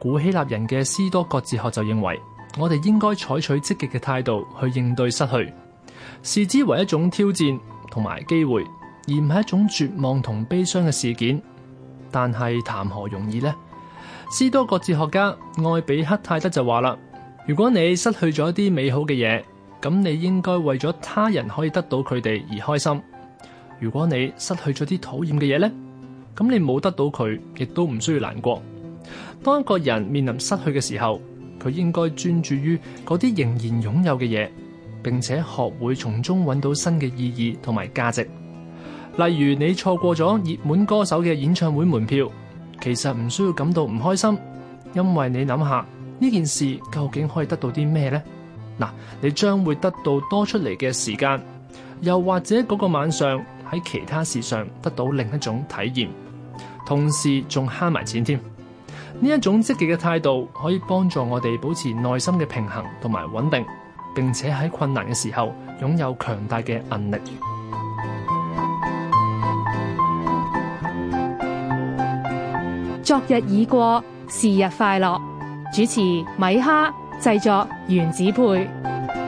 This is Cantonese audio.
古希臘人嘅斯多葛哲學就認為，我哋應該採取積極嘅態度去應對失去，視之為一種挑戰同埋機會，而唔係一種絕望同悲傷嘅事件。但係談何容易呢？斯多葛哲學家愛比克泰德就話啦，如果你失去咗啲美好嘅嘢，咁你應該為咗他人可以得到佢哋而開心，如果你失去咗啲討厭嘅嘢呢，咁你冇得到佢，亦都唔需要難過。當一個人面臨失去嘅時候，佢應該專注於嗰啲仍然擁有嘅嘢，並且學會從中揾到新嘅意義同埋價值。例如，你錯過咗熱門歌手嘅演唱會門票，其實唔需要感到唔開心，因為你諗下呢件事究竟可以得到啲咩呢？嗱，你將會得到多出嚟嘅時間，又或者嗰個晚上喺其他事上得到另一種體驗，同時仲慳埋錢添。呢一種積極嘅態度，可以幫助我哋保持內心嘅平衡同埋穩定，並且喺困難嘅時候擁有強大嘅韌力。昨日已過，是日快樂。主持米哈，製作原子配。